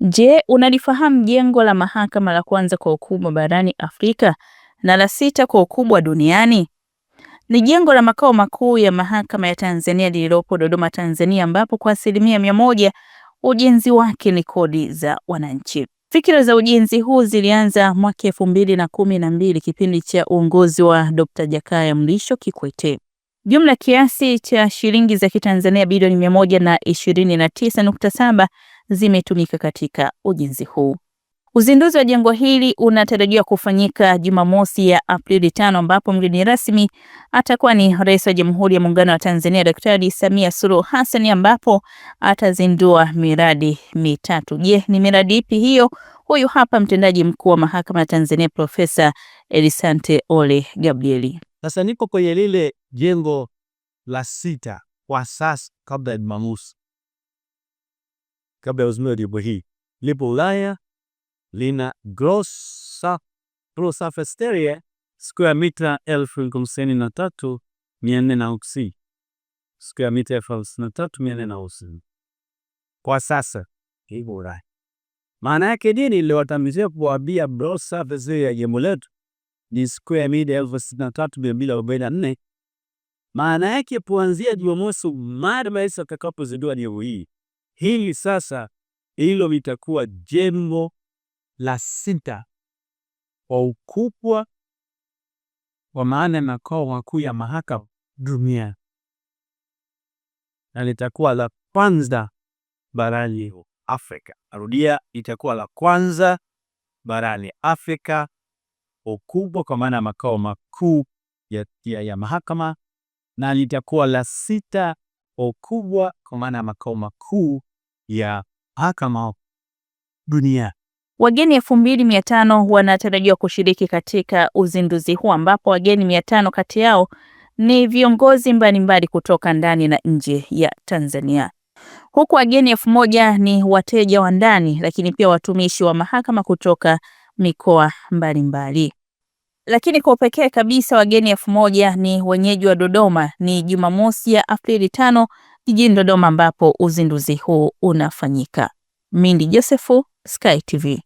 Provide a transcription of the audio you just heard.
Je, unalifahamu jengo la mahakama la kwanza kwa ukubwa barani Afrika na la sita kwa ukubwa duniani? Ni jengo la makao makuu ya mahakama ya Tanzania lililopo Dodoma, Tanzania, ambapo kwa asilimia mia moja ujenzi wake ni kodi za wananchi. Fikira za ujenzi huu zilianza mwaka elfu mbili na kumi na mbili kipindi cha uongozi wa Dr. Jakaya Mlisho Kikwete. Jumla kiasi cha shilingi za Kitanzania bilioni mia moja na ishirini na tisa nukta saba zimetumika katika ujenzi huu. Uzinduzi wa jengo hili unatarajiwa kufanyika Jumamosi ya Aprili tano ambapo mgeni rasmi atakuwa ni Rais wa Jamhuri ya Muungano wa Tanzania Daktari Samia Suluhu Hassan ambapo atazindua miradi mitatu. Je, ni miradi ipi hiyo? Huyu hapa mtendaji mkuu wa Mahakama ya Tanzania Profesa Elisante Ole Gabrieli. Sasa niko kwenye lile jengo la sita kwa sasa kabla ya Jumamosi kabla ya uzima liopo hii lipo Ulaya, lina gross surface area square mita elfu hamsini na tatu mia nne na hamsini square mita elfu hamsini na tatu mia nne na hamsini kwa sasa hivyo Ulaya. Maana yake dini iliwatamizia kuwaambia gross surface area ya jimbo letu ni square mita elfu sitini na tatu mia mbili arobaini na nne maana yake kuanzia Jumamosi mara maisha atakapozindua leo hii Hili sasa hilo litakuwa jengo la sita kwa ukubwa kwa maana makao makuu ya mahakama dunia na litakuwa la kwanza barani Afrika. Arudia, itakuwa la kwanza barani Afrika ukubwa kwa maana makao makuu ya, ya, ya mahakama na litakuwa la sita kwa ukubwa, kwa maana ya makao makuu ya mahakama dunia. Wageni elfu mbili mia tano wanatarajiwa kushiriki katika uzinduzi huu ambapo wageni mia tano kati yao ni viongozi mbalimbali kutoka ndani na nje ya Tanzania, huku wageni elfu moja ni wateja wa ndani, lakini pia watumishi wa mahakama kutoka mikoa mbalimbali mbali. Lakini kwa upekee kabisa wageni elfu moja ni wenyeji wa Dodoma. Ni Jumamosi ya Aprili tano jijini Dodoma ambapo uzinduzi huu unafanyika. Mindi josephu Sky TV.